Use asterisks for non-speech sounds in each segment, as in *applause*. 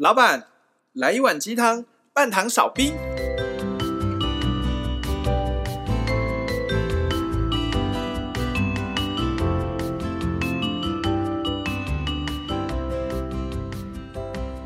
老闆，來一碗雞湯，半糖少冰。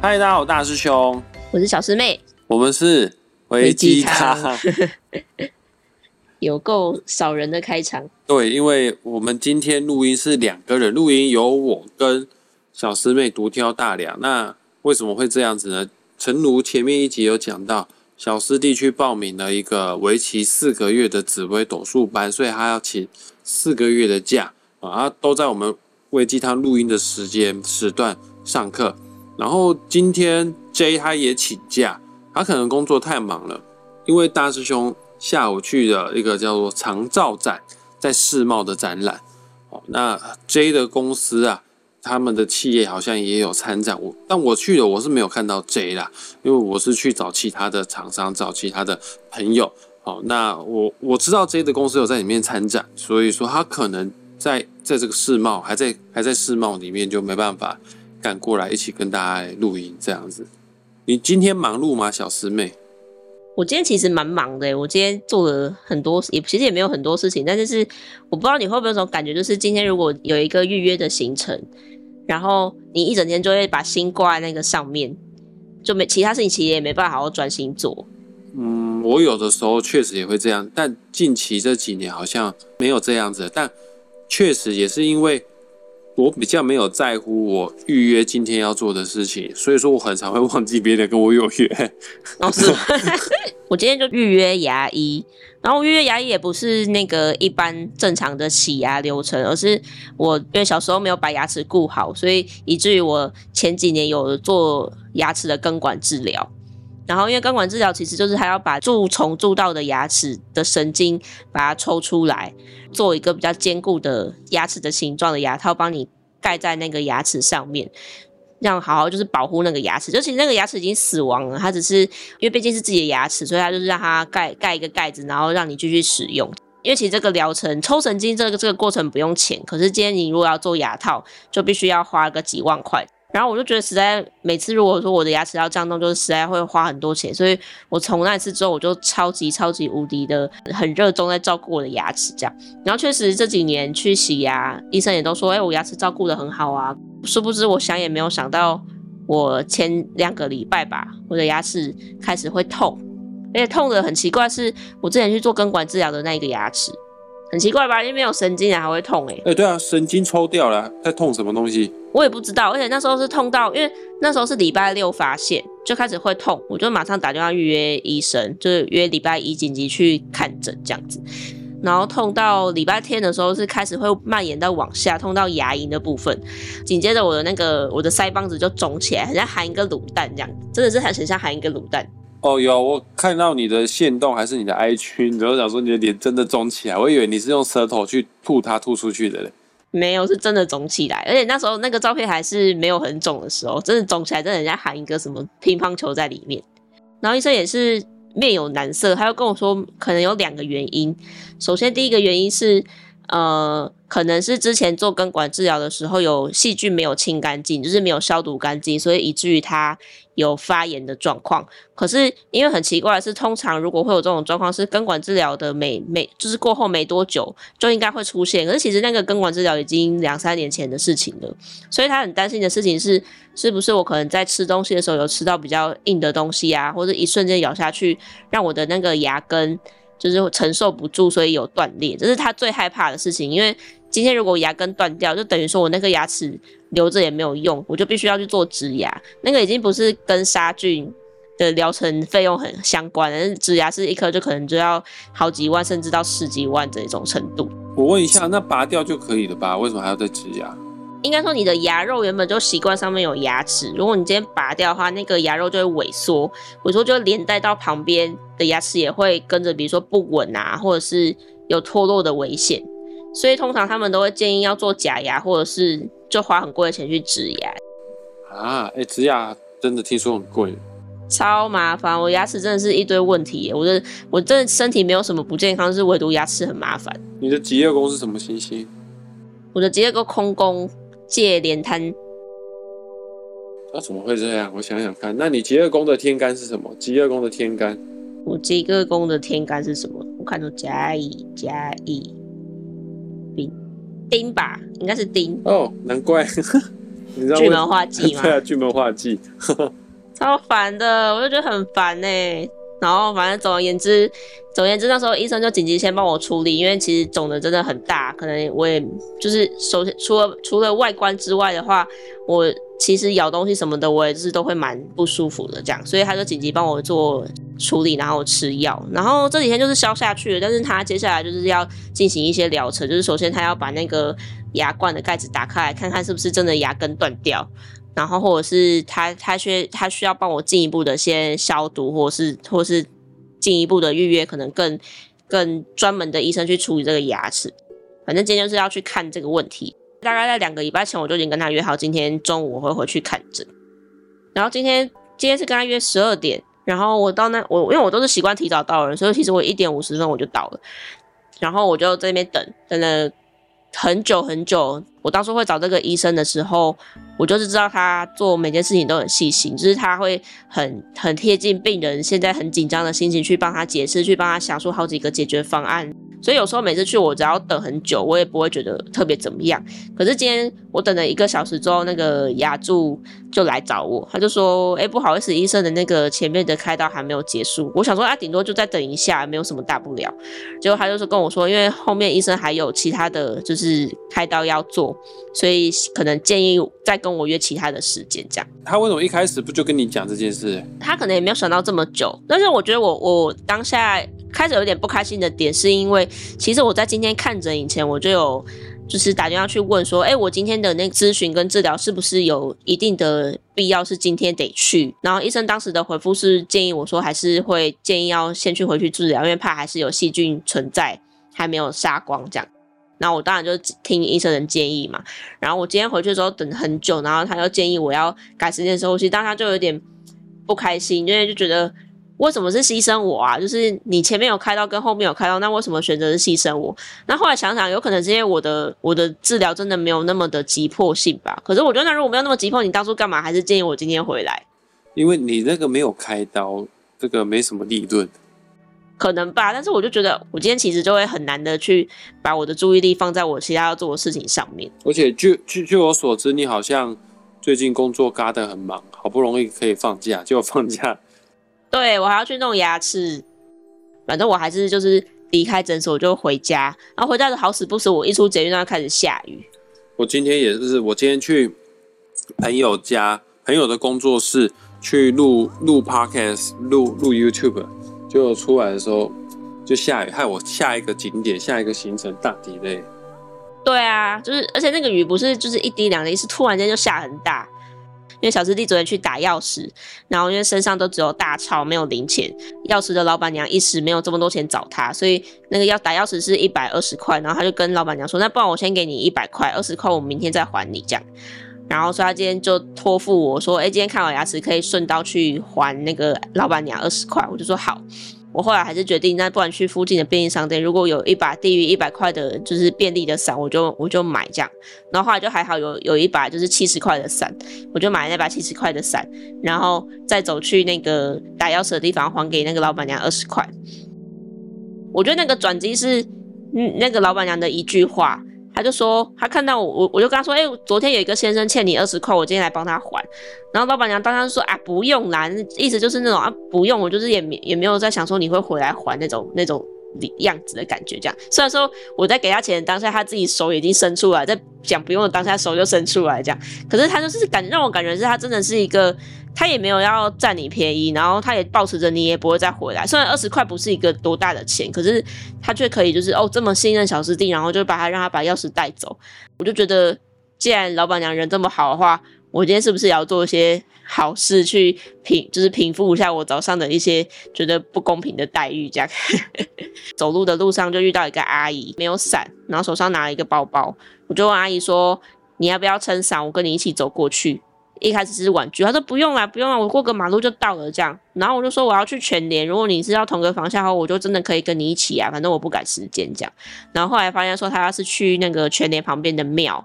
嗨，大家好，我是大師兄，我是小師妹，我們是回雞湯，雞湯 *laughs* 有夠少人的開場。對，因為我們今天錄音是兩個人錄音，由我跟小師妹獨挑大梁。那。為什麼會這樣子呢？誠如前面一集有講到，小師弟去報名了一個為期四個月的紫微斗數班，所以他要請四個月的假啊，都在我們餵雞湯錄音的時間時段上課。然後今天 J 他也請假，他可能工作太忙了，因為大師兄下午去了一個叫做長照展，在世貿的展覽。哦，那 J 的公司啊。他們的企業好像也有參展，我但我去了，我是沒有看到 J 啦，因為我是去找其他的廠商，找其他的朋友。好，那我我知道 J 的公司有在裡面參展，所以說他可能在在這個世貿還在還在世貿裡面，就沒辦法趕過來一起跟大家錄影，這樣子。你今天忙碌嗎，小師妹？我今天其實蠻忙的，我今天做了很多，也其實也沒有很多事情，但就是我不知道你會不會有種感覺，就是今天如果有一個預約的行程。然後你一整天就會把心掛在那個上面，就沒其他事情，其實也沒辦法好好專心做。嗯，我有的時候確實也會這樣，但近期這幾年好像沒有這樣子。但確實也是因為，我比較沒有在乎我預約今天要做的事情，所以說我很常會忘記別人跟我有約。老師，哦， *laughs* *laughs* 我今天就預約牙醫。然後，因為牙醫也不是那個一般正常的洗牙流程，而是我因為小時候沒有把牙齒顧好，所以以至於我前幾年有做牙齒的根管治療。然後，因為根管治療其實就是還要把蛀蟲蛀到的牙齒的神經把它抽出來，做一個比較堅固的牙齒的形狀的牙套，幫你蓋在那個牙齒上面。讓好好就是保護那個牙齒，就其實那個牙齒已經死亡了，它只是因為畢竟是自己的牙齒，所以它就是讓它蓋蓋一個蓋子，然後讓你繼續使用。因為其實這個療程抽神經這個這個過程不用錢，可是今天你如果要做牙套，就必須要花個幾萬塊。然後我就覺得實在，每次如果說我的牙齒要這樣弄，就是實在會花很多錢。所以我從那一次之後，我就超級超級無敵的很熱衷在照顧我的牙齒這樣。然後確實這幾年去洗牙，醫生也都說，哎、欸，我牙齒照顧得很好啊。殊不知，我想也沒有想到，我前兩個禮拜吧，我的牙齒開始會痛，而且痛得很奇怪，是我之前去做根管治療的那一個牙齒。很奇怪吧？因為沒有神經，還會痛哎、欸。哎，欸、對啊，神經抽掉了，在痛什麼東西？我也不知道。而且那時候是痛到，因為那時候是禮拜六發現，就開始會痛，我就馬上打電話預約醫生，就是約禮拜一緊急去看診這樣子。然後痛到禮拜天的時候是開始會蔓延到往下，痛到牙齦的部分，緊接着我的那個我的腮幫子就腫起來，好像含一個滷蛋這樣子，真的是很像像含一個滷蛋。哦，oh, 有我看到你的限動還是你的 IG，然後想說你的臉真的腫起來，我以為你是用舌頭去吐它吐出去的嘞。沒有，是真的腫起來，而且那時候那個照片還是沒有很腫的時候，真的腫起來，真的人家含一個什麼乒乓球在裡面。然後醫生也是面有難色，他又跟我說，可能有兩個原因。首先第一個原因是。呃，可能是之前做根管治療的時候有細菌沒有清乾淨，就是沒有消毒乾淨，所以以至於它有發炎的狀況。可是因為很奇怪的是，通常如果會有這種狀況，是根管治療的每每，就是過後沒多久就應該會出現。可是其實那個根管治療已經兩三年前的事情了，所以他很擔心的事情是，是不是我可能在吃東西的時候有吃到比較硬的東西啊，或者一瞬間咬下去，讓我的那個牙根就是承受不住，所以有斷裂，這是他最害怕的事情。因為今天如果牙根斷掉，就等於說我那顆牙齒留着也沒有用，我就必須要去做植牙。那個已經不是跟殺菌的療程費用很相關，反正植牙是一顆就可能就要好幾萬，甚至到十幾萬這種程度。我問一下，那拔掉就可以了吧？為什麼還要再植牙？應該說，你的牙肉原本就習慣上面有牙齒，如果你今天拔掉的話，那個牙肉就會萎縮，萎縮就連帶到旁邊的牙齒也會跟着，比如說不穩啊，或者是有脫落的危險。所以通常他們都會建議要做假牙，或者是就花很貴的錢去植牙。啊，哎、欸，植牙真的聽說很貴，超麻煩。我牙齒真的是一堆問題，我的我真的身體沒有什麼不健康，就是唯獨牙齒很麻煩。你的職業宮是什麼星星？我的職業宮空宮。借廉貪？那、啊、怎麼會這樣？我想想看，那你疾厄宮的天干是什麼？疾厄宮的天干，我疾厄宮的天干是什麼？我看到甲乙甲乙，丁丁吧，應該是丁。哦，難怪， *laughs* 你知道嗎？巨門化忌嗎？對啊，巨門化忌， *laughs* 超煩的，我就覺得很煩哎。然後，反正總而言之，總言之，那時候醫生就緊急先幫我處理，因為其實腫的真的很大，可能我也就是首先除了除了外觀之外的話，我其實咬東西什麼的，我也是都會蠻不舒服的這樣，所以他就緊急幫我做處理，然後吃藥，然後這幾天就是消下去了，但是他接下來就是要進行一些療程，就是首先他要把那個牙冠的蓋子打開來，看看是不是真的牙根斷掉。然後，或者是他他需他需要幫我進一步的先消毒，或是或是進一步的預約，可能更更專門的醫生去處理這個牙齒。反正今天就是要去看這個問題。大概在兩個禮拜前，我就已經跟他約好，今天中午我會回去看診。然後今天今天是跟他約十二點，然後我到那我因為我都是習慣提早到的，所以其實我一點五十分我就到了，然後我就在那邊等，等了很久很久。我當初會找這個醫生的時候，我就是知道他做每件事情都很細心，就是他會很很貼近病人現在很緊張的心情去幫他解釋，去幫他想出好幾個解決方案。所以有時候每次去我只要等很久，我也不會覺得特別怎麼樣。可是今天我等了一個小時之後，那個牙助就來找我，他就說：“哎、欸，不好意思，醫生的那個前面的開刀還沒有結束。”我想說：“他、啊、頂多就再等一下，沒有什麼大不了。”結果他就是跟我說：“因為後面醫生還有其他的就是開刀要做。”所以可能建議再跟我約其他的時間，這樣。他為什麼一開始不就跟你講這件事？他可能也沒有想到這麼久。但是我覺得我我當下開始有點不開心的點，是因為其實我在今天看診以前我就有就是打電話去問說，哎、欸，我今天的那諮詢跟治療是不是有一定的必要？是今天得去？然後醫生當時的回覆是建議我說還是會建議要先去回去治療，因為怕還是有細菌存在還沒有殺光這樣。那我當然就聽醫生的建議嘛。然後我今天回去的時候等很久，然後他就建議我要改時間的時候，其實當他就有點不開心，因為就覺得為什麼是犧牲我啊？就是你前面有開刀跟後面有開刀，那為什麼選擇是犧牲我？那後來想想，有可能是因為我的我的治療真的沒有那麼的急迫性吧？可是我覺得，那如果沒有那麼急迫，你當初幹嘛還是建議我今天回來？因為你那個沒有開刀，這個沒什麼利潤。可能吧，但是我就覺得我今天其實就會很難的去把我的注意力放在我其他要做的事情上面。而且據據據，據我所知，你好像最近工作嘎的很忙，好不容易可以放假，結果放假，對我還要去弄牙齒。反正我還是就是離開診所我就回家，然後回家的好死不死，我一出捷運就要開始下雨。我今天也是，我今天去朋友家，朋友的工作室去錄錄 Podcast，錄錄 YouTube。就出來的時候就下雨，害我下一個景點下一個行程大 delay。對啊，就是而且那個雨不是就是一滴兩滴，是突然間就下很大。因為小師弟昨天去打鑰匙，然後因為身上都只有大鈔沒有零錢，鑰匙的老板娘一時沒有這麼多錢找他，所以那個要打鑰匙是一百二十塊，然後他就跟老板娘說：“那不然我先給你一百塊，二十塊我明天再還你這樣。”然後所以他今天就托付我說，哎，今天看完牙齒可以順道去還那個老板娘二十塊。我就說好，我後來還是決定，那不然去附近的便利商店，如果有一把低於一百塊的，就是便利的傘，我就我就買這樣。然後後來就還好有有一把就是七十塊的傘，我就買那把七十塊的傘，然後再走去那個打鑰匙的地方還給那個老板娘二十塊。我覺得那個轉機是，嗯，那個老板娘的一句話。他就說，他看到我，我我就跟他說，哎、欸，昨天有一個先生欠你二十塊，我今天來幫他還。然後老闆娘當時說，啊，不用啦，意思就是那種，啊，不用，我就是也沒也沒有在想說你會回來還那種那種。樣子的感覺，這樣，雖然說我在給他錢當下，他自己手已經伸出來，在講不用的當下，手就伸出來，這樣，可是他就是感讓我感覺是他真的是一個，他也沒有要占你便宜，然後他也保持着你也不會再回來。雖然二十塊不是一個多大的錢，可是他卻可以就是哦這麼信任小師弟，然後就把他讓他把鑰匙帶走。我就覺得，既然老闆娘人這麼好的話。我今天是不是也要做一些好事去平，就是平復一下我早上的一些覺得不公平的待遇？這樣， *laughs* 走路的路上就遇到一個阿姨，沒有傘，然後手上拿了一個包包，我就問阿姨說：“你要不要撐傘？我跟你一起走過去。”一開始是婉拒，她說：“不用啦，不用啦，我過個馬路就到了。”這樣，然後我就說：“我要去全聯，如果你是要同個方向的話，我就真的可以跟你一起啊，反正我不趕時間。”這樣，然後後來發現說，她要是去那個全聯旁邊的廟。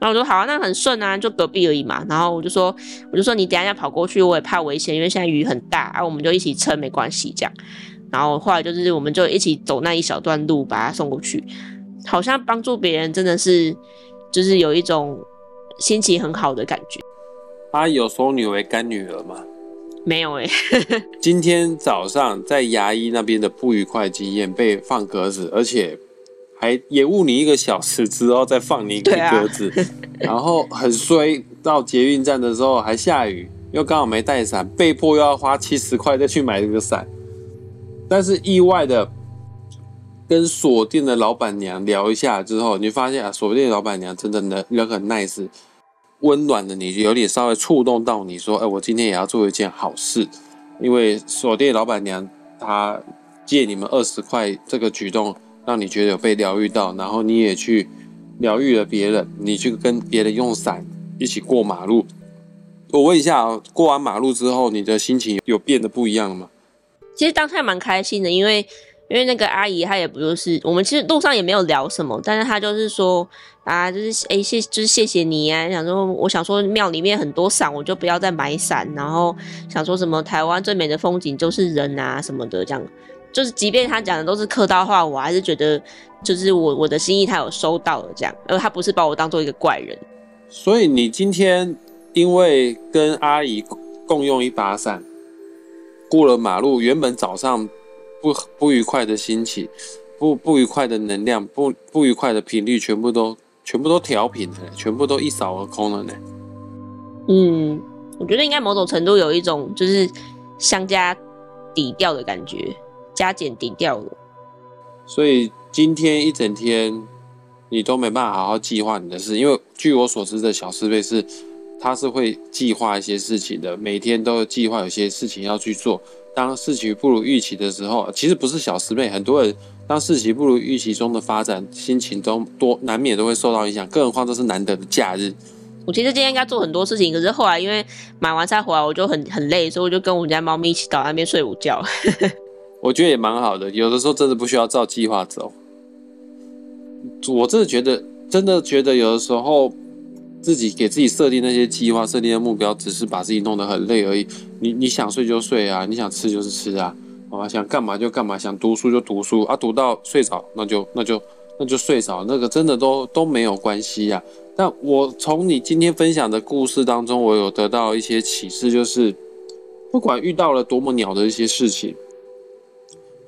然後我說好啊，那很順啊，就隔壁而已嘛。然後我就說，我就說你等一下要跑過去，我也怕危險，因為現在雨很大。然後、啊、我們就一起撐，沒關係這樣。然後後來就是我們就一起走那一小段路，把她送過去。好像幫助別人真的是，就是有一種心情很好的感覺。他、啊、有收你女為乾女兒嗎？沒有誒、欸、 *laughs* 今天早上在牙醫那邊的不愉快經驗被放鴿子，而且。還延誤你一個小時之後，再放你一個鴿子，然後很衰。到捷運站的時候還下雨，又剛好沒帶傘，被迫又要花七十塊再去買這個傘。但是意外的跟鎖店的老闆娘聊一下之後，你發現啊，鎖店老闆娘真的人很 nice，溫暖的你就有點稍微觸動到你，說哎、欸，我今天也要做一件好事。因為鎖店老闆娘她借你們二十塊這個舉動，讓你覺得有被療癒到，然後你也去療癒了別人。你去跟別人用傘一起過馬路。我問一下啊，過完馬路之後，你的心情有變得不一樣嗎？其實當時還蠻開心的，因為因為那個阿姨她也不就是，我們其實路上也沒有聊什麼，但是她就是說啊，就是哎，謝，就是謝謝你啊。想說我想說廟裡面很多傘，我就不要再買傘。然後想說什麼台灣最美的風景就是人啊什麼的這樣。就是，即便他講的都是客套話，我還是覺得，就是我我的心意他有收到了，這樣，而他不是把我當做一個怪人。所以你今天因為跟阿姨共用一把傘，過了馬路，原本早上不不愉快的心情、不不愉快的能量、不不愉快的頻率全，全部都全部都調頻了、欸，全部都一掃而空了呢、欸。嗯，我覺得應該某種程度有一種就是相加底調的感覺。加減抵掉了，所以今天一整天你都沒辦法好好計劃你的事，因為據我所知的小師妹是，她是會計劃一些事情的，每天都計劃有些事情要去做。當事情不如預期的時候，其實不是小師妹，很多人當事情不如預期中的發展，心情都多難免都會受到影響。更何況這是難得的假日，我其實今天應該做很多事情，可是後來因為買完菜回來，我就很很累，所以我就跟我們家貓咪一起到那邊睡午覺。 *laughs* 我覺得也蠻好的，有的時候真的不需要照計劃走。我真的覺得，真的覺得有的時候自己給自己設定那些計劃、設定的目標，只是把自己弄得很累而已。你你想睡就睡啊，你想吃就是吃啊，啊想幹嘛就幹嘛，想讀書就讀書啊，讀到睡着那就那就那就睡着，那個真的都都沒有關係呀，啊。但我從你今天分享的故事當中，我有得到一些啟示，就是不管遇到了多麼鳥的一些事情。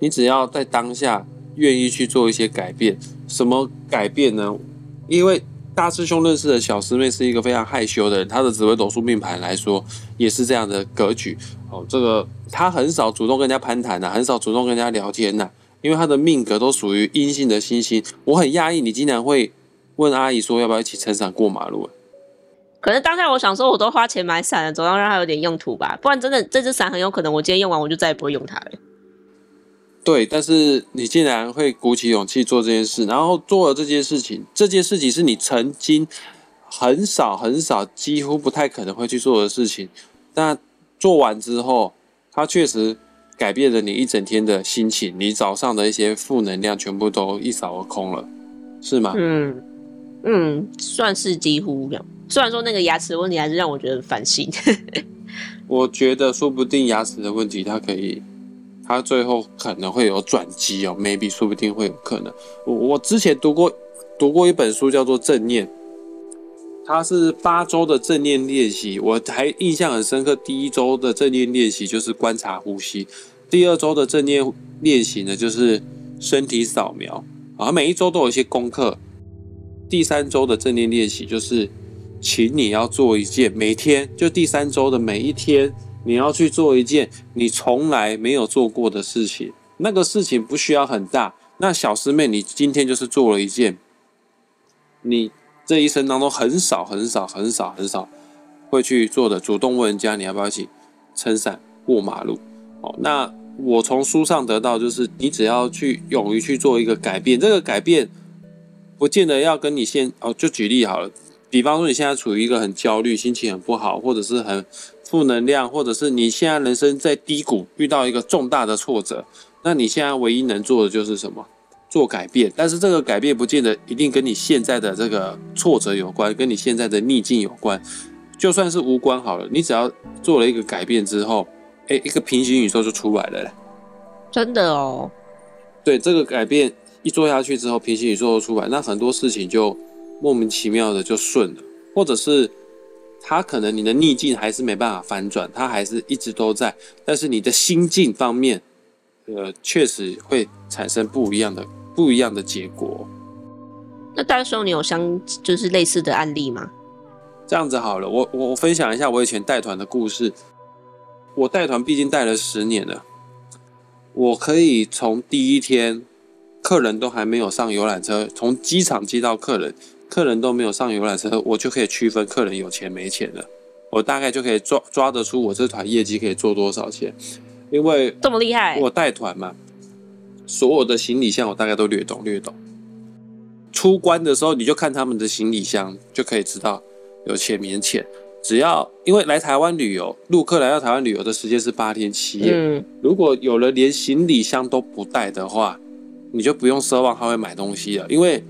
你只要在當下願意去做一些改變，什麼改變呢？因為大師兄認識的小師妹是一個非常害羞的人，她的紫微斗數命盤來說也是這樣的格局。哦，這個她很少主動跟人家攀談吶、啊，很少主動跟人家聊天吶、啊，因為她的命格都屬於陰性的星星。我很訝異，你竟然會問阿姨說要不要一起撐傘過馬路、啊。可是當下我想說，我都花錢買傘了，總要讓它有點用途吧，不然真的這只傘很有可能我今天用完我就再也不會用它了。對，但是你竟然會鼓起勇氣做這件事，然後做了這件事情，這件事情是你曾經很少、很少、幾乎不太可能會去做的事情。但做完之後，它確實改變了你一整天的心情，你早上的一些負能量全部都一掃而空了，是嗎？嗯嗯，算是幾乎了。雖然說那個牙齒的問題還是讓我覺得很煩心， *laughs* 我覺得說不定牙齒的問題它可以。他最後可能會有轉機哦，maybe 說不定會有可能。我我之前讀過讀過一本書叫做《正念》，它是八週的正念練習。我還印象很深刻，第一週的正念練習就是觀察呼吸，第二週的正念練習呢就是身體掃描。啊，每一週都有一些功課。第三週的正念練習就是，請你要做一件，每天就第三週的每一天。你要去做一件你從來沒有做過的事情，那個事情不需要很大。那小師妹，你今天就是做了一件你這一生當中很少、很少、很少、很少會去做的。主動問人家你要不要一起撐傘過馬路。哦，那我從書上得到就是，你只要去勇於去做一個改變，這個改變不見得要跟你現哦，就舉例好了。比方說，你現在處於一個很焦慮、心情很不好，或者是很。負能量，或者是你現在人生在低谷，遇到一個重大的挫折，那你現在唯一能做的就是什麼？做改變。但是這個改變不見得一定跟你現在的這個挫折有關，跟你現在的逆境有關。就算是無關好了，你只要做了一個改變之後，哎，一個平行宇宙就出來了嘞。真的哦。對，這個改變一做下去之後，平行宇宙就出來，那很多事情就莫名其妙的就順了，或者是。他可能你的逆境還是沒辦法反轉，他還是一直都在，但是你的心境方面，呃，確實會產生不一樣的，不一樣的結果。那到時候你有相就是類似的案例嗎？這樣子好了，我我分享一下我以前帶團的故事。我帶團畢竟帶了十年了，我可以從第一天客人都還沒有上遊覽車，從機場接到客人，客人都沒有上遊覽車，我就可以區分客人有錢沒錢了。我大概就可以抓抓得出我這團業績可以做多少錢，因為這麼厲害，我帶團嘛，所有的行李箱我大概都略懂略懂。出關的時候你就看他們的行李箱，就可以知道有錢沒錢。只要因為來台灣旅遊，陸客來到台灣旅遊的時間是八天七夜，嗯、如果有人連行李箱都不帶的話，你就不用奢望他會買東西了，因為。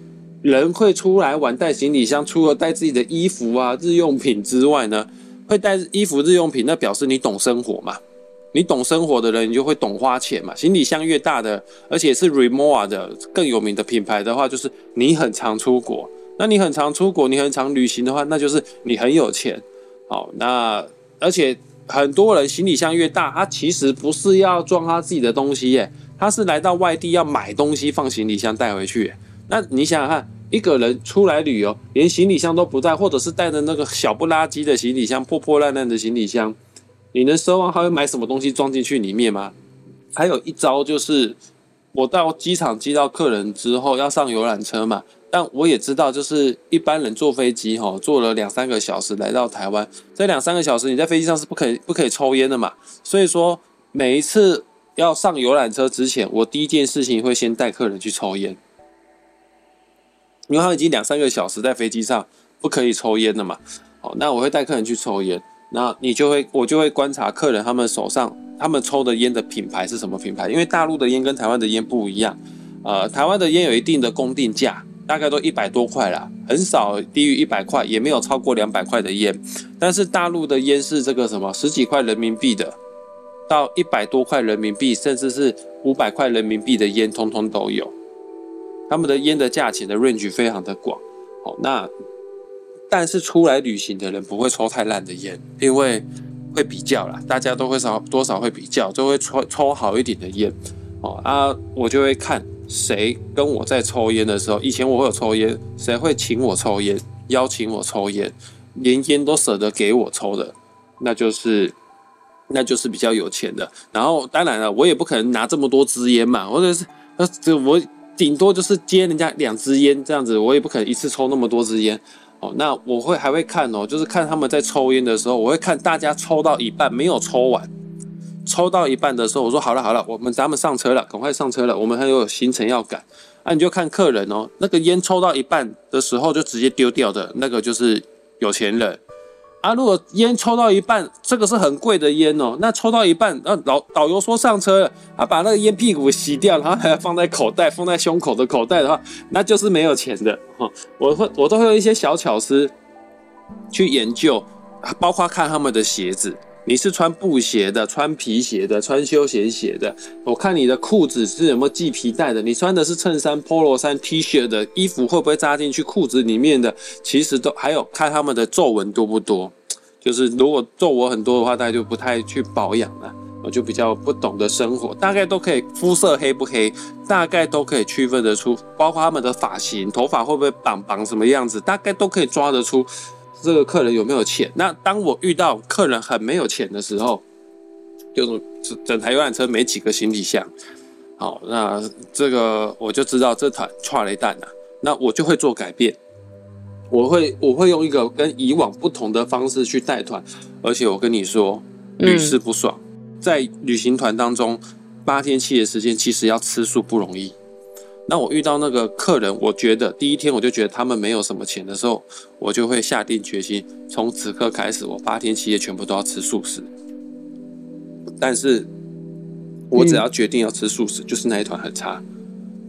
人會出來玩帶行李箱，除了帶自己的衣服啊、日用品之外呢，會帶衣服日用品，那表示你懂生活嘛。你懂生活的人，你就會懂花錢嘛。行李箱越大的，而且是 Rimowa 的更有名的品牌的話，就是你很常出國。那你很常出國，你很常旅行的話，那就是你很有錢。好，那而且很多人行李箱越大，他其實不是要裝他自己的東西耶，他是來到外地要買東西放行李箱帶回去。那你想想看，一個人出來旅遊，連行李箱都不帶，或者是帶着那個小不拉幾的行李箱，破破爛爛的行李箱，你能奢望他會買什麼東西裝進去裡面嗎？還有一招就是，我到機場接到客人之後要上遊覽車嘛，但我也知道，就是一般人坐飛機哈，坐了兩三個小時來到台灣，這兩三個小時你在飛機上是不可以、不可以抽菸的嘛，所以說每一次要上遊覽車之前，我第一件事情會先帶客人去抽菸。因為他已經兩三個小時在飛機上，不可以抽菸了嘛。好，那我會帶客人去抽菸。那你就會，我就會觀察客人他們手上他們抽的菸的品牌是什麼品牌。因為大陸的菸跟台灣的菸不一樣。呃，台灣的菸有一定的公定價，大概都一百多塊啦，很少低於一百塊，也沒有超過兩百塊的菸。但是大陸的菸是這個什麼十幾塊人民幣的，到一百多塊人民幣，甚至是五百塊人民幣的菸，通通都有。他們的煙的價錢的 range 非常的廣，哦，那，但是出來旅行的人不會抽太爛的煙，因為會比較啦，大家都會少多少會比較，就會抽抽好一點的煙，哦啊，我就會看誰跟我在抽煙的時候，以前我會有抽煙，誰會請我抽煙，邀請我抽煙，連煙都捨得給我抽的，那就是那就是比較有錢的。然後當然了，我也不可能拿這麼多支煙嘛，或者、就是那這我。頂多就是接人家兩支煙這樣子，我也不可能一次抽那麼多支煙哦。那我會還會看哦，就是看他們在抽煙的時候，我會看大家抽到一半沒有抽完，抽到一半的時候，我說好了好了，我們咱們上車了，趕快上車了，我們還有行程要趕。那、啊、你就看客人哦，那個煙抽到一半的時候就直接丟掉的那個就是有錢人。啊，如果煙抽到一半，這個是很貴的煙哦。那抽到一半，那、啊、老導遊說上車了，他、啊、把那個煙屁股洗掉，然後還要放在口袋，放在胸口的口袋的話，那就是沒有錢的。哦、我會，我都會用一些小巧思去研究，啊、包括看他們的鞋子。你是穿布鞋的，穿皮鞋的，穿休閒鞋的。我看你的褲子是有沒有繫皮帶的？你穿的是襯衫、Polo 衫、T 恤的衣服會不會扎進去褲子裡面的？其實都還有看他們的皺紋多不多，就是如果皺紋很多的話，大家就不太去保養了。我就比較不懂得生活，大概都可以，膚色黑不黑，大概都可以區分得出。包括他們的髮型，頭髮會不會綁綁什麼樣子，大概都可以抓得出。這個客人有沒有錢？那當我遇到客人很沒有錢的時候，就是整台遊覽車沒幾個行李箱，好，那這個我就知道這團踹雷彈了一旦、啊。那我就會做改變，我會我會用一個跟以往不同的方式去帶團，而且我跟你說，屢試不爽。嗯、在旅行團當中，八天七夜時間其實要吃素不容易。那我遇到那個客人，我覺得第一天我就覺得他們沒有什麼錢的時候，我就會下定決心，從此刻開始，我八天七夜全部都要吃素食。但是我只要決定要吃素食，嗯、就是那一團很差。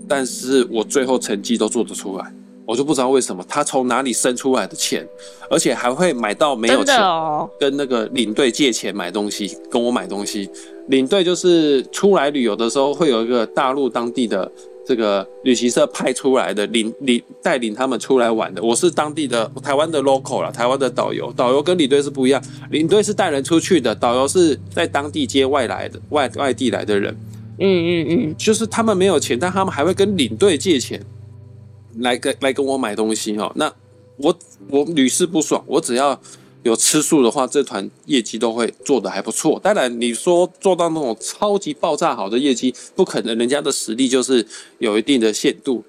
但是我最後成績都做得出來，我就不知道為什麼他從哪裡生出來的錢，而且還會買到沒有錢，哦、跟那個領隊借錢買東西，跟我買東西。領隊就是出來旅遊的時候，會有一個大陸當地的。這個旅行社派出來的領領帶領他們出來玩的，我是當地的台灣的 local 啦，台灣的導遊，導遊跟領隊是不一樣，領隊是帶人出去的，導遊是在當地接外來的外外地來的人，嗯嗯嗯、嗯嗯就是他們沒有錢，但他們還會跟領隊借錢來跟來，來跟我買東西哦，那我我屢試不爽，我只要。有吃素的話，這團業績都會做得還不錯。當然，你說做到那種超級爆炸好的業績，不可能，人家的實力就是有一定的限度，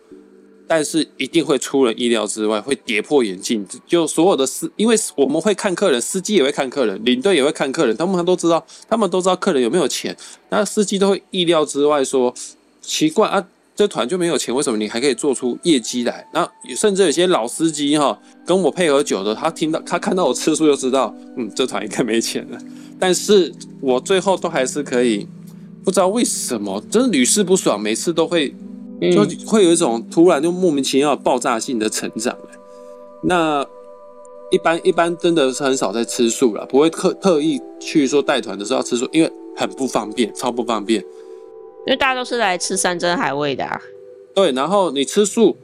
但是一定會出人意料之外，會跌破眼鏡。就所有的司，因為我們會看客人，司機也會看客人，領隊也會看客人，他們都知道，他們都知道客人有沒有錢，那司機都會意料之外說，奇怪啊。這團就沒有錢，為什麼你還可以做出業績來？那甚至有些老司機哈，跟我配合久的，他聽到他看到我吃素就知道，嗯，這團應該沒錢了。但是我最後都還是可以，不知道為什麼，真的屢試不爽，每次都會、嗯、就會有一種突然就莫名其妙的爆炸性的成長、欸。那一般一般真的是很少在吃素了，不會特特意去說帶團的時候要吃素，因為很不方便，超不方便。因為大家都是來吃山珍海味的，啊。對。然後你吃素，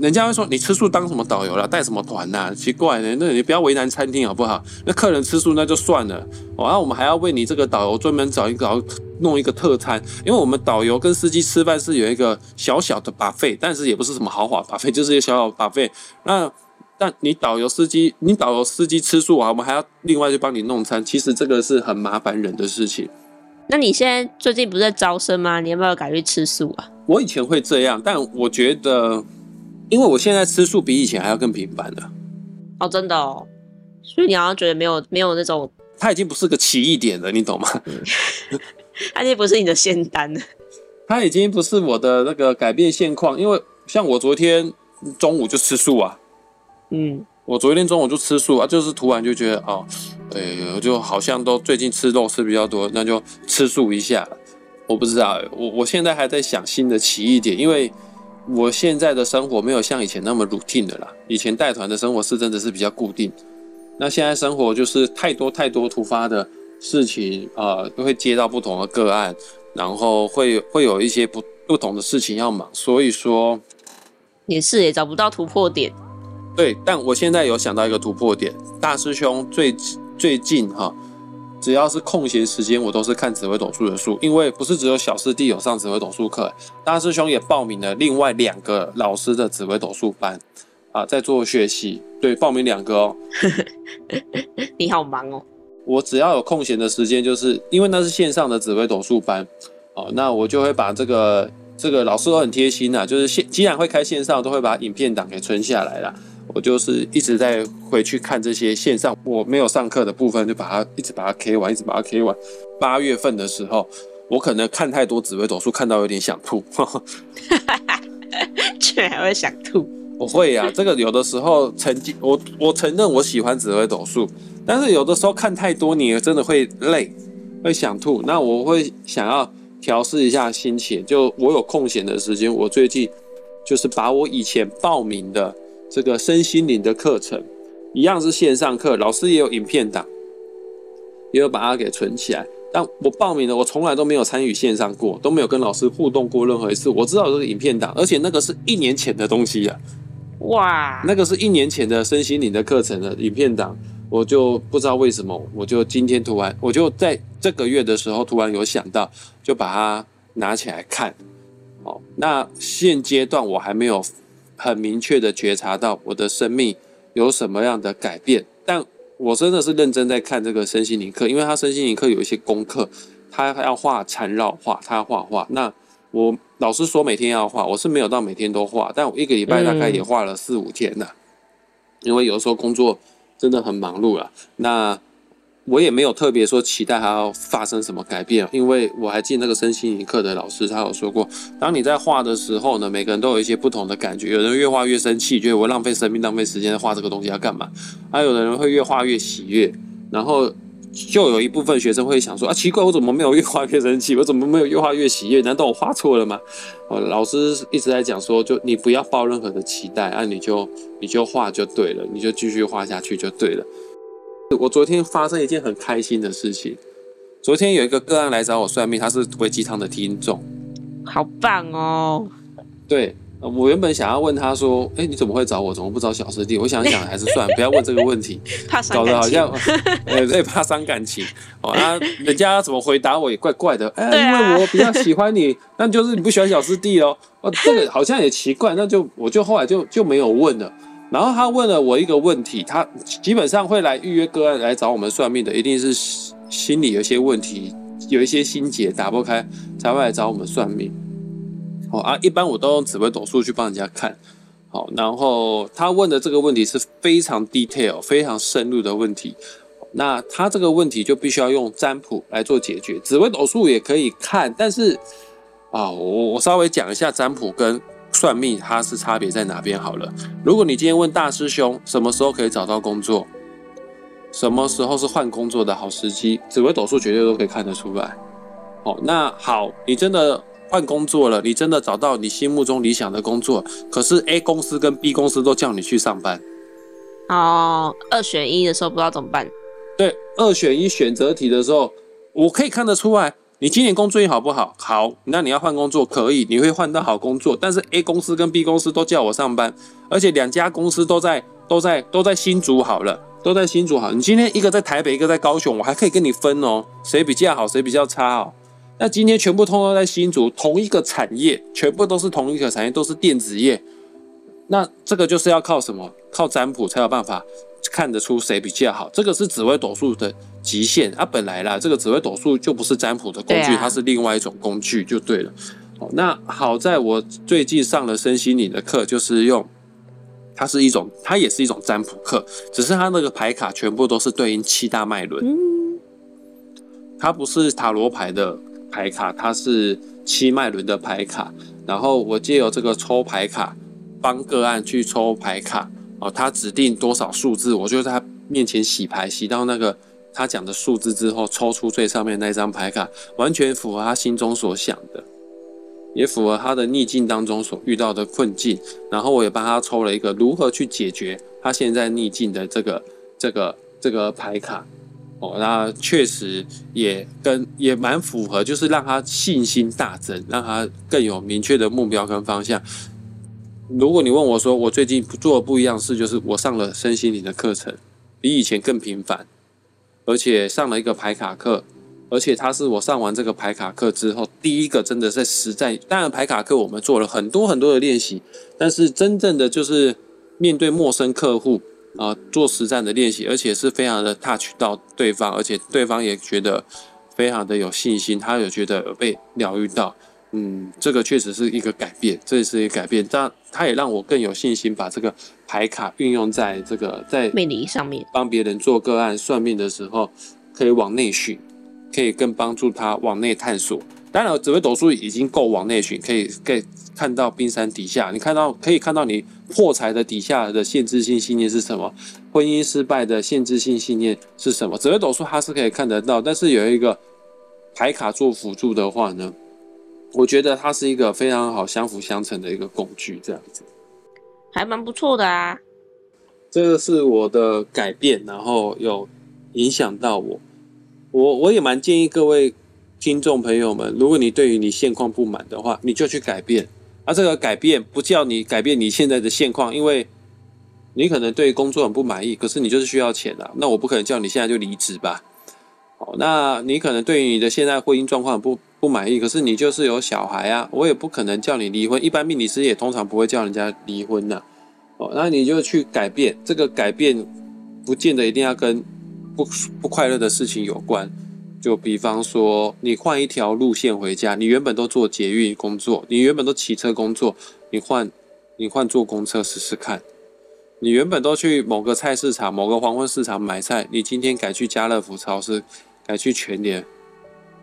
人家會說你吃素當什麼導遊啦，帶什麼團吶、啊，奇怪呢、欸，那你不要為難餐廳好不好？那客人吃素那就算了，然、哦、後、啊、我們還要為你這個導遊專門找一個弄一個特餐，因為我們導遊跟司機吃飯是有一個小小的 buffet，但是也不是什麼豪華 buffet，就是一個小小 buffet。那但你導遊司機你導遊司機吃素啊，我們還要另外去幫你弄餐，其實這個是很麻煩人的事情。那你現在最近不是在招生嗎？你要不要改去吃素啊？我以前會這樣，但我覺得，因為我現在吃素比以前還要更頻繁了。哦，真的哦，所以你好像覺得沒有沒有那種，他已經不是個奇異點了，你懂嗎？他、嗯、 *laughs* 已經不是你的仙丹了。他已經不是我的那個改變現況，因為像我昨天中午就吃素啊，嗯，我昨天中午就吃素啊，就是突然就覺得啊。哦對，我就好像都最近吃肉吃比較多，那就吃素一下。我不知道，我我現在還在想新的奇異點，因為我現在的生活沒有像以前那麼 routine 的啦。以前帶團的生活是真的是比較固定，那現在生活就是太多太多突發的事情，呃，都會接到不同的個案，然後會會有一些不不同的事情要忙，所以說也是也找不到突破點。對，但我現在有想到一個突破點，大師兄最。最近哈，只要是空閒時間，我都是看紫微斗數的書。因為不是只有小師弟有上紫微斗數課，大師兄也報名了另外兩個老師的紫微斗數班，啊，在做學習。對，報名兩個哦。 *laughs* 你好忙哦。我只要有空閒的時間，就是因為那是線上的紫微斗數班，哦，那我就會把這個這個老師都很貼心的、啊，就是線既然會開線上，都會把影片檔給存下來啦。我就是一直在回去看這些線上我沒有上課的部分，就把它一直把它 K 完，一直把它 K 完。八月份的時候，我可能看太多紫微斗數，看到有點想吐。哈哈，居然還會想吐？我會呀、啊。這個有的時候，曾經我我承認我喜歡紫微斗數，但是有的時候看太多，你真的會累，會想吐。那我會想要調適一下心情。就我有空閒的時間，我最近就是把我以前報名的，這個身心靈的課程一樣是線上課，老師也有影片檔，也有把它給存起來。但我報名的，我從來都沒有參與線上過，都沒有跟老師互動過任何一次。我知道這個影片檔，而且那個是一年前的東西了啊。哇，那個是一年前的身心靈的課程的影片檔。我就不知道為什麼，我就今天突然，我就在這個月的時候突然有想到，就把它拿起來看。哦，那現階段我還沒有。很明確的覺察到我的生命有什麼樣的改變，但我真的是認真在看這個身心靈課，因為他身心靈課有一些功課，他要畫纏繞畫，他要畫畫。那我老師說每天要畫，我是沒有到每天都畫，但我一個禮拜大概也畫了四五天呢啊。因為有的時候工作真的很忙碌啊。那我也沒有特別說期待它要發生什麼改變，因為我還記得那個身心靈課的老師，他有說過，當你在畫的時候呢，每個人都有一些不同的感覺，有人越畫越生氣，覺得我浪費生命、浪費時間畫這個東西要幹嘛？還有的人會越畫越喜悅，然後就有一部分學生會想說啊，奇怪，我怎麼沒有越畫越生氣？我怎麼沒有越畫越喜悅？難道我畫錯了嗎？哦，老師一直在講說，就你不要抱任何的期待，啊，你就你就畫就對了，你就繼續畫下去就對了。我昨天發生一件很開心的事情。昨天有一個個案來找我算命，他是回雞湯的聽眾，好棒哦。對，我原本想要問他說：“哎、欸，你怎麼會找我？怎麼不找小師弟？”我想想還是算， *laughs* 不要問這個問題，怕傷感情，搞得好像，我 *laughs* 欸、對，怕傷感情。哦，啊，人家怎麼回答我也怪怪的，哎、欸，因為我比較喜歡你，對啊、 *laughs* 那就是你不喜歡小師弟哦。啊、這個好像也奇怪，那就我就後來就就沒有問了。然後他問了我一個問題，他基本上會來預約個案來找我們算命的，一定是心裡有些問題，有一些心結打不開才會來找我們算命。好、哦、啊，一般我都用紫微斗數去幫人家看。好、哦，然後他問的這個問題是非常 detail、非常深入的問題，那他這個問題就必須要用占卜來做解決。紫微斗數也可以看，但是啊，我、哦、我稍微講一下占卜跟。算命它是差別在哪邊好了？如果你今天問大師兄什麼時候可以找到工作，什麼時候是換工作的好時機，紫微斗數絕對都可以看得出來。好、哦，那好，你真的換工作了，你真的找到你心目中理想的工作，可是 A 公司跟 B 公司都叫你去上班，哦，二選一的時候不知道怎麼辦？對，二選一選擇題的時候，我可以看得出來。你今年工作運好不好？好，那你要換工作可以，你會換到好工作。但是 A 公司跟 B 公司都叫我上班，而且兩家公司都在都在都在新竹好了，都在新竹好。你今天一個在台北，一個在高雄，我還可以跟你分哦，誰比較好，誰比較差哦。那今天全部通通在新竹，同一個產業，全部都是同一個產業，都是電子業。那這個就是要靠什麼？靠占卜，才有辦法看得出誰比較好。這個是紫微斗數的極限啊！本來啦，這個紫微斗數就不是占卜的工具，啊、它是另外一種工具就對了。哦、那好在我最近上了身心靈的課，就是用它是一種，它也是一種占卜課，只是它那個牌卡全部都是對應七大脈輪。嗯、它不是塔羅牌的牌卡，它是七脈輪的牌卡。然後我借由這個抽牌卡。幫個案去抽牌卡哦，他指定多少數字，我就在他面前洗牌，洗到那個他講的數字之後，抽出最上面那張牌卡，完全符合他心中所想的，也符合他的逆境當中所遇到的困境。然後我也幫他抽了一個如何去解決他現在逆境的這個這個這個牌卡哦，那確實也跟也蠻符合，就是讓他信心大增，讓他更有明確的目標跟方向。如果你問我說，我最近做的不一樣事，就是我上了身心靈的課程，比以前更頻繁，而且上了一個牌卡課，而且他是我上完這個牌卡課之後第一個真的在實戰。當然牌卡課我們做了很多很多的練習，但是真正的就是面對陌生客戶啊，做實戰的練習，而且是非常的 touch 到對方，而且對方也覺得非常的有信心，他有覺得有被療癒到。嗯，這個確實是一個改變，這也是一個改變，但它也讓我更有信心把這個牌卡運用在這個在命理上面，幫別人做個案算命的時候，可以往內尋，可以更幫助他往內探索。當然，紫微斗數已經夠往內尋，可以可以看到冰山底下，你看到可以看到你破財的底下的限制性信念是什麼，婚姻失敗的限制性信念是什麼？紫微斗數它是可以看得到，但是有一個牌卡做輔助的話呢？我覺得它是一個非常好相輔相成的一個工具，這樣子還蠻不錯的啊。這個是我的改變，然後有影響到我。我我也蠻建議各位聽眾朋友們，如果你對於你現況不滿的話，你就去改變。而、啊、這個改變不叫你改變你現在的現況，因為你可能對工作很不滿意，可是你就是需要錢啊。那我不可能叫你現在就離職吧。哦，那你可能對於你的現在婚姻狀況不不滿意，可是你就是有小孩啊，我也不可能叫你離婚。一般命理師也通常不會叫人家離婚吶、啊。哦，那你就去改變，這個改變不見得一定要跟不不快樂的事情有關。就比方說，你換一條路線回家，你原本都坐捷運工作，你原本都騎車工作，你換你換坐公車試試看。你原本都去某個菜市場、某個黃昏市場買菜，你今天改去家樂福超市。來去全聯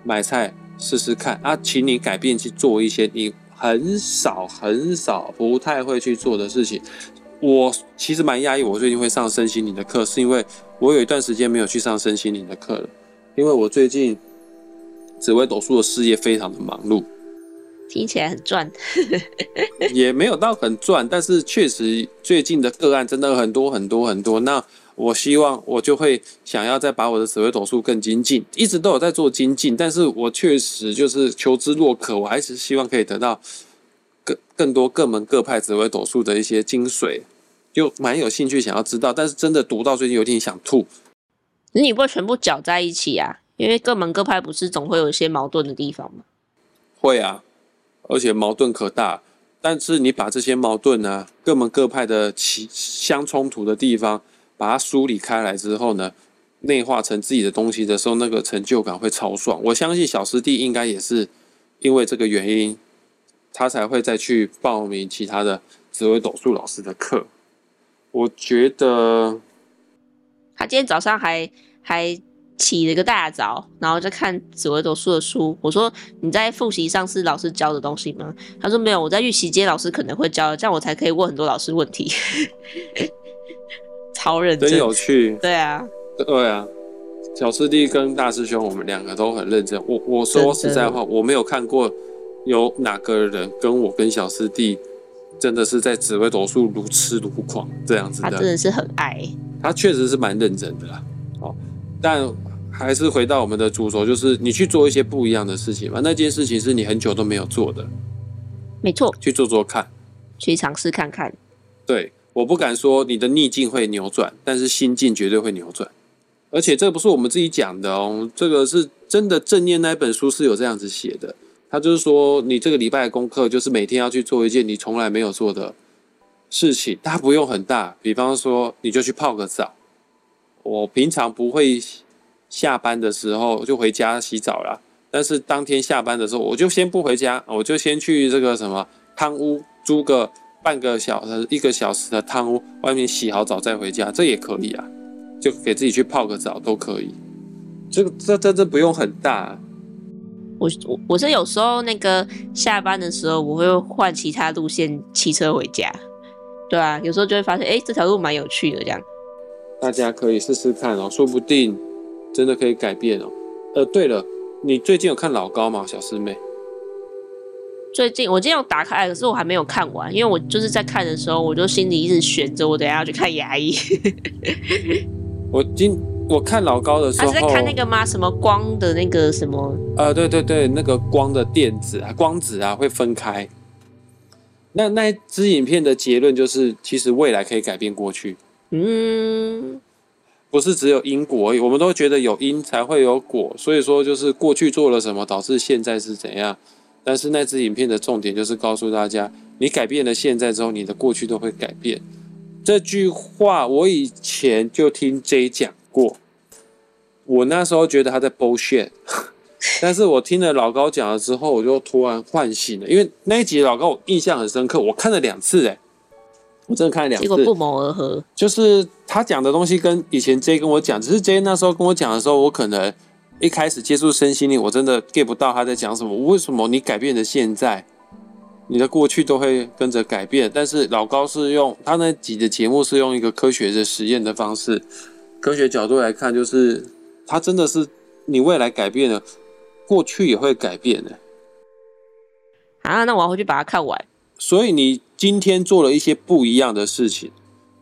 買菜試試看啊，請你改變去做一些你很少很少不太會去做的事情。我其實蠻壓抑，我最近會上身心靈的課，是因為我有一段時間沒有去上身心靈的課了，因為我最近紫微斗數的事業非常的忙碌。聽起來很賺， *laughs* 也沒有到很賺，但是確實最近的個案真的很多很多很多。那。我希望我就會想要再把我的紫微斗數更精進，一直都有在做精進，但是我確實就是求知若渴，我還是希望可以得到更更多各門各派紫微斗數的一些精髓，就蠻有興趣想要知道，但是真的讀到最近有點想吐。你不會全部攪在一起啊？因為各門各派不是總會有一些矛盾的地方嗎？會啊，而且矛盾可大，但是你把這些矛盾呢、啊，各門各派的其相衝突的地方。把它梳理開來之後呢，內化成自己的東西的時候，那個成就感會超爽。我相信小師弟應該也是因為這個原因，他才會再去報名其他的紫微斗數老師的課。我覺得他今天早上還還起了個大早，然後在看紫微斗數的書。我說，你在複習上次老師教的東西嗎？他說沒有，我在預習街老師可能會教的，這樣我才可以問很多老師問題。 *laughs* 超認真，真有趣，對啊，對啊，小師弟跟大師兄，我們兩個都很認真。我我說實在話，我沒有看過有哪個人跟我跟小師弟真的是在紫微斗數如痴如狂這樣子的。他真的是很愛，他確實是蠻認真的啦。哦，但還是回到我們的主軸，就是你去做一些不一樣的事情吧。那件事情是你很久都沒有做的，沒錯，去做做看，去嘗試看看，對。我不敢說你的逆境會扭轉，但是心境絕對會扭轉。而且這不是我們自己講的哦，這個是真的。正念那本書是有這樣子寫的，他就是說，你這個禮拜的功課就是每天要去做一件你從來沒有做的事情。它不用很大，比方說，你就去泡個澡。我平常不會下班的時候就回家洗澡啦，但是當天下班的時候，我就先不回家，我就先去這個什麼湯屋租個。半個小時、一個小時的湯屋，外面洗好澡再回家，這也可以啊，就給自己去泡個澡都可以。這個、這、這、這不用很大啊。我、我、我是有時候那個下班的時候，我會換其他路線騎車回家。對啊，有時候就會發現，哎，這條路蠻有趣的這樣。大家可以試試看哦，說不定真的可以改變哦。呃，對了，你最近有看老高嗎，小師妹？最近我今天要打開，可是我還沒有看完，因為我就是在看的時候，我就心裡一直懸着，我等下要去看牙醫。 *laughs* 我今我看老高的時候，還是在看那個嗎？什麼光的那個什麼？呃，對對對，那個光的電子啊，光子啊會分開。那那支影片的結論就是，其實未來可以改變過去。嗯，不是只有因果而已，我們都覺得有因才會有果，所以說就是過去做了什麼，導致現在是怎樣。但是那支影片的重點就是告訴大家，你改變了現在之後，你的過去都會改變。這句話我以前就聽 J 講過，我那時候覺得他在 bullshit，但是我聽了老高講了之後，我就突然喚醒了，因為那一集老高我印象很深刻，我看了兩次，哎、欸，我真的看了兩次，結果不謀而合，就是他講的東西跟以前 J 跟我講，只是 J 那時候跟我講的時候，我可能。一開始接觸身心靈，我真的 get 不到他在講什麼？為什麼你改變了現在，你的過去都會跟着改變？但是老高是用他那集的節目，是用一個科學的實驗的方式，科學角度來看，就是他真的是你未來改變了，過去也會改變的。好啊，那我要回去把它看完。所以你今天做了一些不一樣的事情，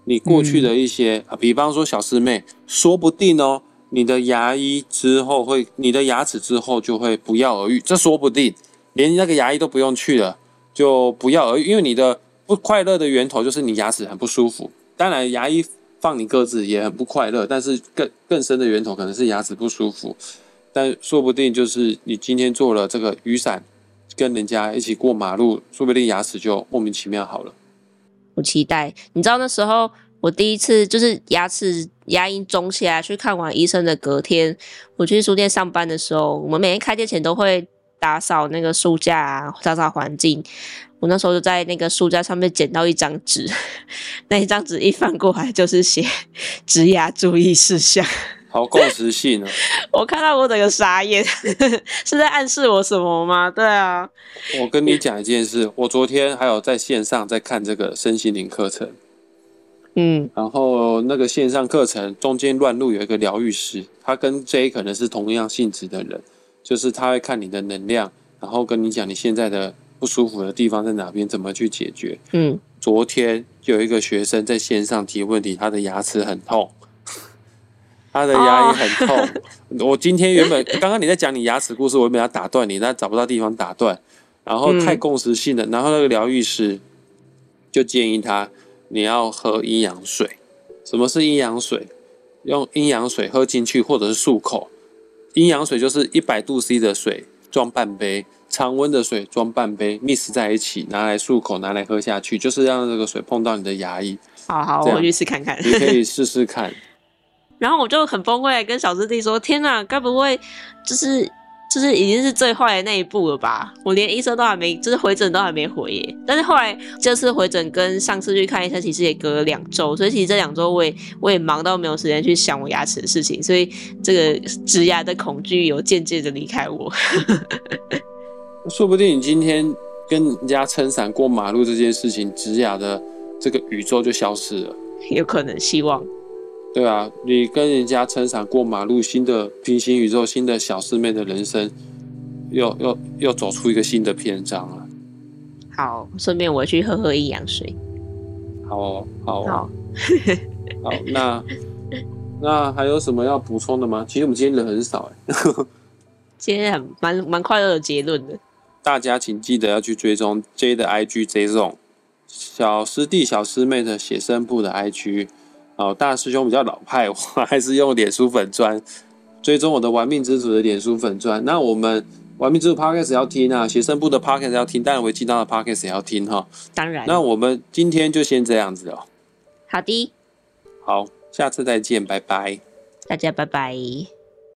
你過去的一些、嗯啊、比方說小師妹，說不定哦。你的牙醫之後會，你的牙齒之後就會不藥而癒，這說不定連那個牙醫都不用去了，就不藥而癒。因為你的不快樂的源頭就是你牙齒很不舒服。當然，牙醫放你鴿子也很不快樂，但是更更深的源頭可能是牙齒不舒服。但說不定就是你今天做了這個雨傘，跟人家一起過馬路，說不定牙齒就莫名其妙好了。我期待，你知道那時候。我第一次就是牙齒牙齦腫起來去看完醫生的隔天，我去書店上班的時候，我們每天開店前都會打掃那個書架，啊，打掃環境。我那時候就在那個書架上面撿到一張紙，那一張紙一翻過來就是寫植牙注意事項，好共時性啊。 *laughs* 我看到我整個傻眼，是在暗示我什麼嗎？對啊。我跟你講一件事，我昨天還有在線上在看這個身心靈課程。嗯，然後那個線上課程中間亂入有一個療癒師，他跟 J 可能是同樣性質的人，就是他會看你的能量，然後跟你講你現在的不舒服的地方在哪邊，怎麼去解決。嗯，昨天就有一個學生在線上提問題，他的牙齒很痛，他的牙齦很痛。哦、我今天原本 *laughs* 剛剛你在講你牙齒故事，我也沒有要打斷你，但找不到地方打斷，然後太共識性的，嗯、然後那個療癒師就建議他。你要喝陰陽水，什麼是陰陽水？用陰陽水喝進去，或者是漱口。陰陽水就是一百度 C 的水裝半杯，常溫的水裝半杯，mix 在一起，拿來漱口，拿來喝下去，就是讓這個水碰到你的牙齦。好好，我回去試看看。你可以試試看。然後我就很崩潰，跟小師弟說：“天哪，該不會就是……”就是已經是最壞的那一步了吧？我連醫生都還沒，就是回診都還沒回耶。但是後來這次回診跟上次去看醫生其實也隔了兩周，所以其實這兩周我也我也忙到沒有時間去想我牙齒的事情，所以這個植牙的恐懼有漸漸的離開我。 *laughs* 說不定你今天跟人家撐傘過馬路這件事情，植牙的這個宇宙就消失了，有可能，希望。對啊，你跟人家撐傘過馬路，新的平行宇宙，新的小師妹的人生，又又又走出一個新的篇章了。好，順便我去喝喝陰陽水。好，哦好，哦、好，好，好。 *laughs* 好，那那還有什麼要補充的嗎？其實我們今天人很少哎。 *laughs* 今天很蠻蠻快樂的結論的。大家請記得要去追蹤 J 的 IG，J 這種小師弟小師妹的寫生簿的 IG。好，哦，大師兄比較老派，我還是用臉書粉專追蹤我的玩命之主的臉書粉專。那我們玩命之主 podcast 要聽啊，學生部的 podcast 要聽，但然維基的 podcast 也要聽哈。當然。那我們今天就先這樣子哦。好的。好，下次再見，拜拜。大家拜拜。